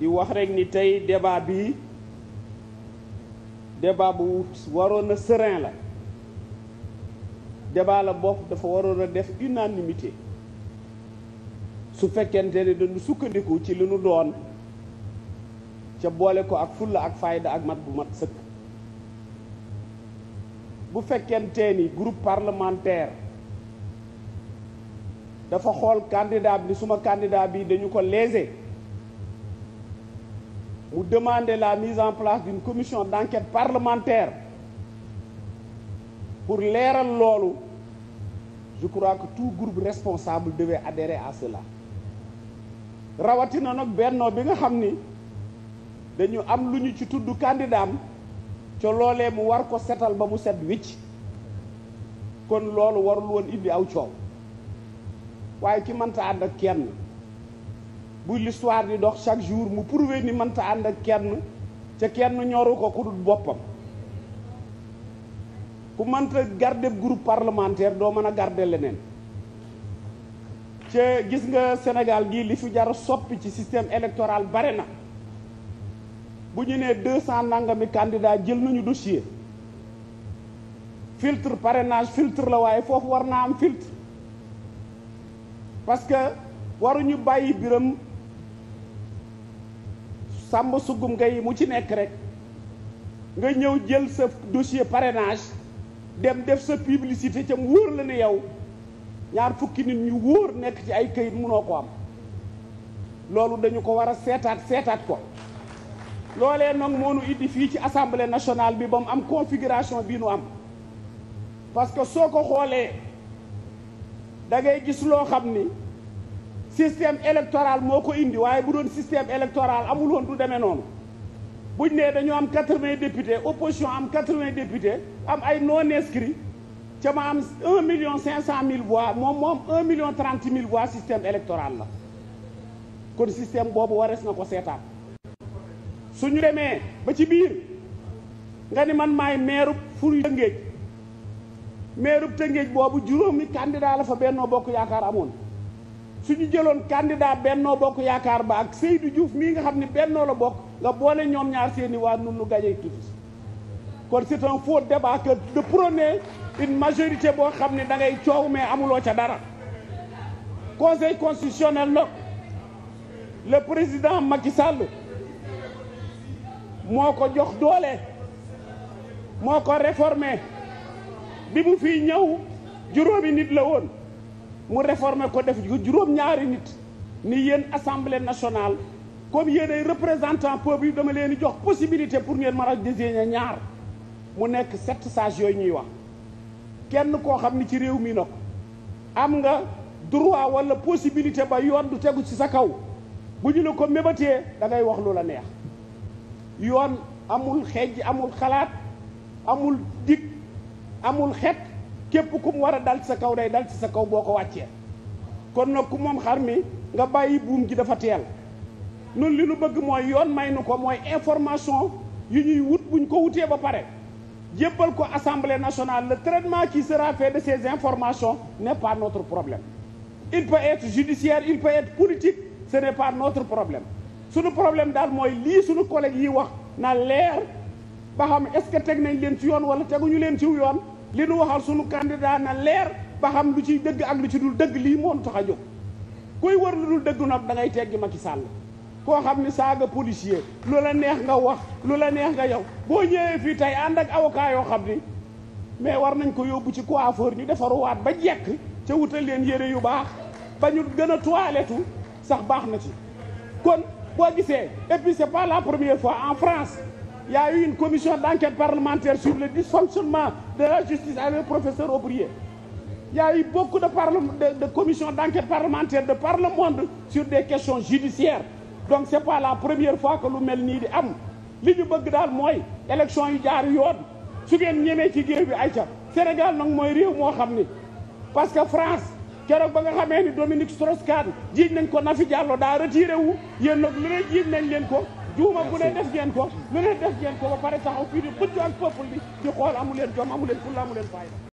di wax rek ni tey débat bi débat bu waroon na sërin la débat la bokk dafa waroon a def unanimité su fekkente ne dañu sukkandiku ci li nu doon ca boole ko ak fulla ak fayda ak mat bu mat sëkk bu fekkente ni groupe parlementaire dafa xool candidat bi ni suma candidat bi dañu ko lésé mu demander la mis en place d'une commission d'enquête parlementaire pour leeral loolu je crois que tout groupe responsable devait adhérer à cela rawatina nag bennoo bi nga xam ni dañu am lu ñu ci tudd candidat am ca loolee mu war ko setal ba mu set wicc kon loolu warul woon indi aw coow waaye ki mënta ànd ak kenn bu l'histoire di dox chaque jour mu prouver ni mënta ànd ak kenn ca kenn ñoru ko ku dul boppam ku mënta garder groupe parlementaire doo mën a garder leneen ca gis nga Sénégal gii li fi jar soppi ci système électoral bare na bu ñu nee deux cent nangami candidat jël nañu dossier filtre parrainage filtre la waaye foofu war naa am filtre parce que waruñu bàyyi biram sàmba suggum ngay mu ci nekk rek nga ñëw jël sa dossier parrainage dem def sa publicité cam wóor la ne yow ñaar fukki nit ñu wóor nekk ci ay kayit munoo ko am loolu dañu ko war a seetaat seetaat ko loolee nag moo nu indi fii ci assemblée nationale bi ba mu am configuration bii nu am parce que soo ko xoolee da ngay gis loo xam ni système électoral moo ko indi waaye bu doon système électoral amul woon du demee noonu buñ nee dañoo am quatre-vingts députés opposition am quatre-vingts députés am ay non inscrits ca ma am un million cinq cent mille voix moom moom un million trente mille voix système électoral la kon boobu warees na ko seetaat ñu demee ba ci biir nga ni man maay meerub furu Tëngéej meerub Tëngéej boobu juróom juróomi candidat la fa Benno Bokk Yaakaar amoon suñu jëloon candidat bennoo bokk yaakaar ba ak Seydou Diouf mii nga xam ne bennoo la bokk nga boole ñoom ñaar seeni waa nun nu gagné tous kon c'est un faux débat que de prôner boo xam ne da ngay coow mais amuloo ca dara conseil constitutionnel nag le président Macky Sall moo ko jox doole moo ko réformé bi mu fii ñëw juróomi nit la woon mu réformer ko def juróom-ñaari nit ni yéen assemblée nationale comme yéen représentant peuple yi dama leen di jox possibilité pour ngeen mën a désigner ñaar mu nekk sept sages yooyu ñuy wax kenn koo xam ni ci réew mi nag am nga droit walla possibilité ba yoon du tegu ci sa kaw bu ñu la ko mébatee da ngay wax lu la neex yoon amul xejj amul xalaat amul dig amul xet képp ku mu war a dal ci sa kaw day dal ci sa kaw boo ko wàccee kon nag ku moom xar mi nga bàyyi buum gi dafa teel noonu li nu bëgg mooy yoon may nu ko mooy information yu ñuy wut buñ ko wutee ba pare jébbal ko assemblée nationale le traitement qui sera fait de ces informations n'est pas notre problème il peut être judiciaire il peut être politique ce n'est pas notre problème suñu problème daal mooy lii sunu collègue yi wax na leer ba xam est-ce que teg nañ leen ci yoon wala teguñu leen ci yoon li nu waxal sunu candidat na leer ba xam lu ci dëgg ak lu ci dul dëgg lii moom tax a jóg kuy wër lu dul dëgg nag da ngay ma Macky sàll koo xam ni saaga policier lu la neex nga wax lu la neex nga yow boo ñëwee fii tey ànd ak avocat yoo xam ni mais war nañ ko yóbbu ci coiffeur ñu defaruwaat ba jekk ca wutal leen yére yu baax ba ñu gën a toilettu sax baax na ci kon boo gisee et puis c'est pas la première fois en France il y a eu une commission d'enquête parlementaire sur le dysfonctionnement de la justice avec le professeur Aubrier. a eu beaucoup de, de, de commissions d'enquête parlementaire de par le monde sur des questions judiciaires. Donc c'est pas la première fois que lu mel nii di am li ñu bëgg daal mooy élection yu jaar yoon su ngeen ñemee ci géew bi ay ca Sénégal nag mooy réew moo xam ni parce que France keroog ba nga xamee ni Dominique Strauss-Kahn jiiñ nañ ko Nafi Diallo daa retiré wu yéen nag lu ne jiiñ nañ leen ko juuma bu ne def ngeen ko lu ne def ngeen ko ba pare taxaw fii di xëcc ak di xool amu leen jom amu leen fulla amu leen